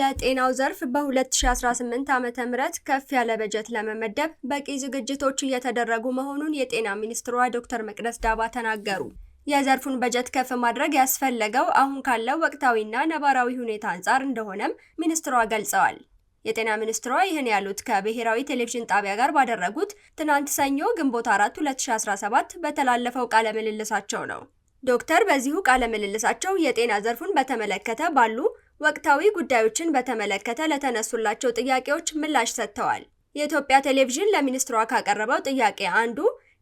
ለጤናው ዘርፍ በ2018 ዓ.ም ከፍ ያለ በጀት ለመመደብ በቂ ዝግጅቶች እየተደረጉ መሆኑን የጤና ሚኒስትሯ ዶክተር መቅደስ ዳባ ተናገሩ። የዘርፉን በጀት ከፍ ማድረግ ያስፈለገው አሁን ካለው ወቅታዊና ነባራዊ ሁኔታ አንጻር እንደሆነም ሚኒስትሯ ገልጸዋል። የጤና ሚኒስትሯ ይህን ያሉት ከብሔራዊ ቴሌቪዥን ጣቢያ ጋር ባደረጉት ትናንት ሰኞ ግንቦት 4 2017 በተላለፈው ቃለ ምልልሳቸው ነው። ዶክተር በዚሁ ቃለ ምልልሳቸው የጤና ዘርፉን በተመለከተ ባሉ ወቅታዊ ጉዳዮችን በተመለከተ ለተነሱላቸው ጥያቄዎች ምላሽ ሰጥተዋል። የኢትዮጵያ ቴሌቪዥን ለሚኒስትሯ ካቀረበው ጥያቄ አንዱ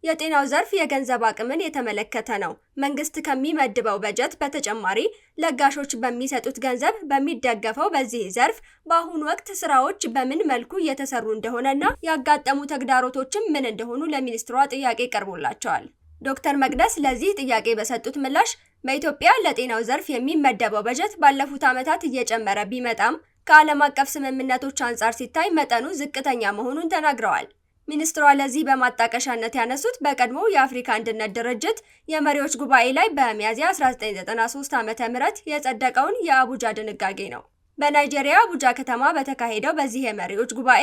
የጤናው ዘርፍ የገንዘብ አቅምን የተመለከተ ነው። መንግስት ከሚመድበው በጀት በተጨማሪ ለጋሾች በሚሰጡት ገንዘብ በሚደገፈው በዚህ ዘርፍ በአሁኑ ወቅት ስራዎች በምን መልኩ እየተሰሩ እንደሆነና ያጋጠሙ ተግዳሮቶችም ምን እንደሆኑ ለሚኒስትሯ ጥያቄ ቀርቦላቸዋል። ዶክተር መቅደስ ለዚህ ጥያቄ በሰጡት ምላሽ በኢትዮጵያ ለጤናው ዘርፍ የሚመደበው በጀት ባለፉት ዓመታት እየጨመረ ቢመጣም ከዓለም አቀፍ ስምምነቶች አንጻር ሲታይ መጠኑ ዝቅተኛ መሆኑን ተናግረዋል። ሚኒስትሯ ለዚህ በማጣቀሻነት ያነሱት በቀድሞ የአፍሪካ አንድነት ድርጅት የመሪዎች ጉባኤ ላይ በሚያዝያ 1993 ዓ.ም የጸደቀውን የአቡጃ ድንጋጌ ነው። በናይጄሪያ አቡጃ ከተማ በተካሄደው በዚህ የመሪዎች ጉባኤ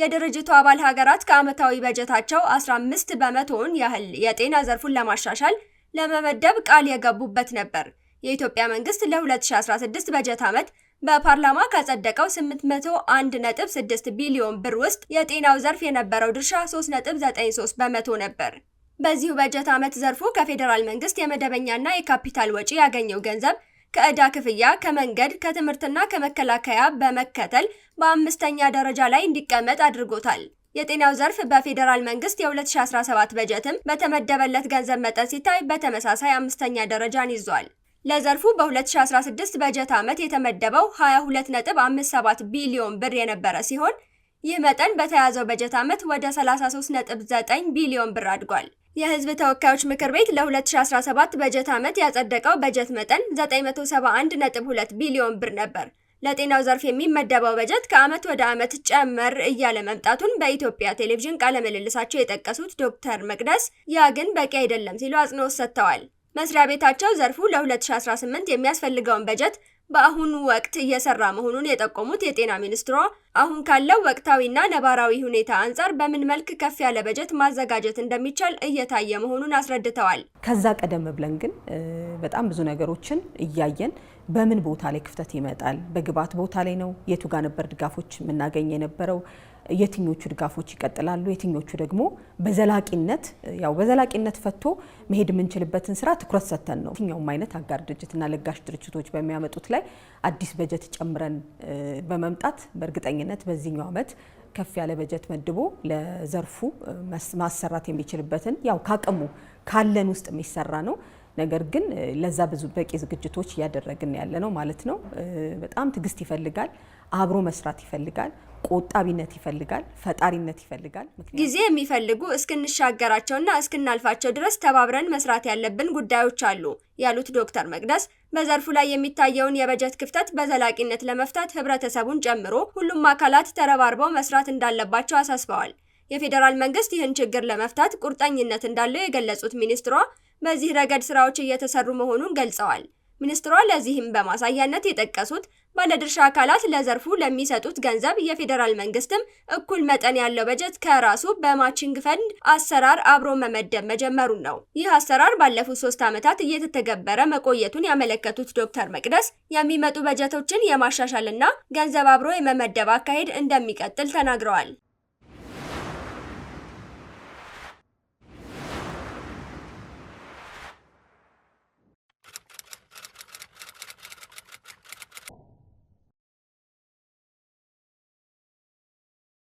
የድርጅቱ አባል ሀገራት ከዓመታዊ በጀታቸው 15 በመቶውን ያህል የጤና ዘርፉን ለማሻሻል ለመመደብ ቃል የገቡበት ነበር። የኢትዮጵያ መንግስት ለ2016 በጀት ዓመት በፓርላማ ካጸደቀው 801.6 ቢሊዮን ብር ውስጥ የጤናው ዘርፍ የነበረው ድርሻ 3.93 በመቶ ነበር። በዚሁ በጀት ዓመት ዘርፉ ከፌዴራል መንግስት የመደበኛና የካፒታል ወጪ ያገኘው ገንዘብ ከዕዳ ክፍያ፣ ከመንገድ፣ ከትምህርትና ከመከላከያ በመከተል በአምስተኛ ደረጃ ላይ እንዲቀመጥ አድርጎታል። የጤናው ዘርፍ በፌዴራል መንግስት የ2017 በጀትም በተመደበለት ገንዘብ መጠን ሲታይ በተመሳሳይ አምስተኛ ደረጃን ይዟል። ለዘርፉ በ2016 በጀት ዓመት የተመደበው 22.57 ቢሊዮን ብር የነበረ ሲሆን ይህ መጠን በተያዘው በጀት ዓመት ወደ 33.9 ቢሊዮን ብር አድጓል። የህዝብ ተወካዮች ምክር ቤት ለ2017 በጀት ዓመት ያጸደቀው በጀት መጠን 971.2 ቢሊዮን ብር ነበር። ለጤናው ዘርፍ የሚመደበው በጀት ከዓመት ወደ ዓመት ጨመር እያለ መምጣቱን በኢትዮጵያ ቴሌቪዥን ቃለ ምልልሳቸው የጠቀሱት ዶክተር መቅደስ ያ ግን በቂ አይደለም ሲሉ አጽንኦት ሰጥተዋል። መስሪያ ቤታቸው ዘርፉ ለ2018 የሚያስፈልገውን በጀት በአሁኑ ወቅት እየሰራ መሆኑን የጠቆሙት የጤና ሚኒስትሯ አሁን ካለው ወቅታዊና ነባራዊ ሁኔታ አንጻር በምን መልክ ከፍ ያለ በጀት ማዘጋጀት እንደሚቻል እየታየ መሆኑን አስረድተዋል። ከዛ ቀደም ብለን ግን በጣም ብዙ ነገሮችን እያየን በምን ቦታ ላይ ክፍተት ይመጣል፣ በግብዓት ቦታ ላይ ነው፣ የቱ ነበር ድጋፎች የምናገኝ የነበረው የትኞቹ ድጋፎች ይቀጥላሉ፣ የትኞቹ ደግሞ በዘላቂነት ያው በዘላቂነት ፈቶ መሄድ የምንችልበትን ስራ ትኩረት ሰጥተን ነው የትኛውም አይነት አጋር ድርጅትና ለጋሽ ድርጅቶች በሚያመጡት ላይ አዲስ በጀት ጨምረን በመምጣት በእርግጠኝነት በዚህኛው ዓመት ከፍ ያለ በጀት መድቦ ለዘርፉ ማሰራት የሚችልበትን ያው ካቅሙ ካለን ውስጥ የሚሰራ ነው። ነገር ግን ለዛ ብዙ በቂ ዝግጅቶች እያደረግን ያለ ነው ማለት ነው። በጣም ትዕግስት ይፈልጋል፣ አብሮ መስራት ይፈልጋል፣ ቆጣቢነት ይፈልጋል፣ ፈጣሪነት ይፈልጋል። ጊዜ የሚፈልጉ እስክንሻገራቸውና እስክናልፋቸው ድረስ ተባብረን መስራት ያለብን ጉዳዮች አሉ ያሉት ዶክተር መቅደስ በዘርፉ ላይ የሚታየውን የበጀት ክፍተት በዘላቂነት ለመፍታት ህብረተሰቡን ጨምሮ ሁሉም አካላት ተረባርበው መስራት እንዳለባቸው አሳስበዋል። የፌዴራል መንግስት ይህን ችግር ለመፍታት ቁርጠኝነት እንዳለው የገለጹት ሚኒስትሯ በዚህ ረገድ ስራዎች እየተሰሩ መሆኑን ገልጸዋል። ሚኒስትሯ ለዚህም በማሳያነት የጠቀሱት ባለድርሻ አካላት ለዘርፉ ለሚሰጡት ገንዘብ የፌዴራል መንግስትም እኩል መጠን ያለው በጀት ከራሱ በማቺንግ ፈንድ አሰራር አብሮ መመደብ መጀመሩን ነው። ይህ አሰራር ባለፉት ሶስት ዓመታት እየተተገበረ መቆየቱን ያመለከቱት ዶክተር መቅደስ የሚመጡ በጀቶችን የማሻሻልና ገንዘብ አብሮ የመመደብ አካሄድ እንደሚቀጥል ተናግረዋል።